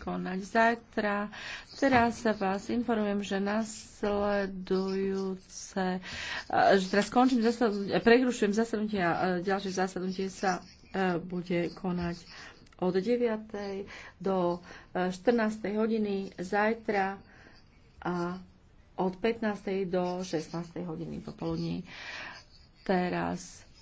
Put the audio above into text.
konať zajtra. Teraz sa vás informujem, že nasledujúce, že teraz skončím zasadnutie, prerušujem zasadnutie a ďalšie zasadnutie sa e, bude konať od 9. do 14. E, hodiny zajtra a od 15. do 16. hodiny popoludní. Teraz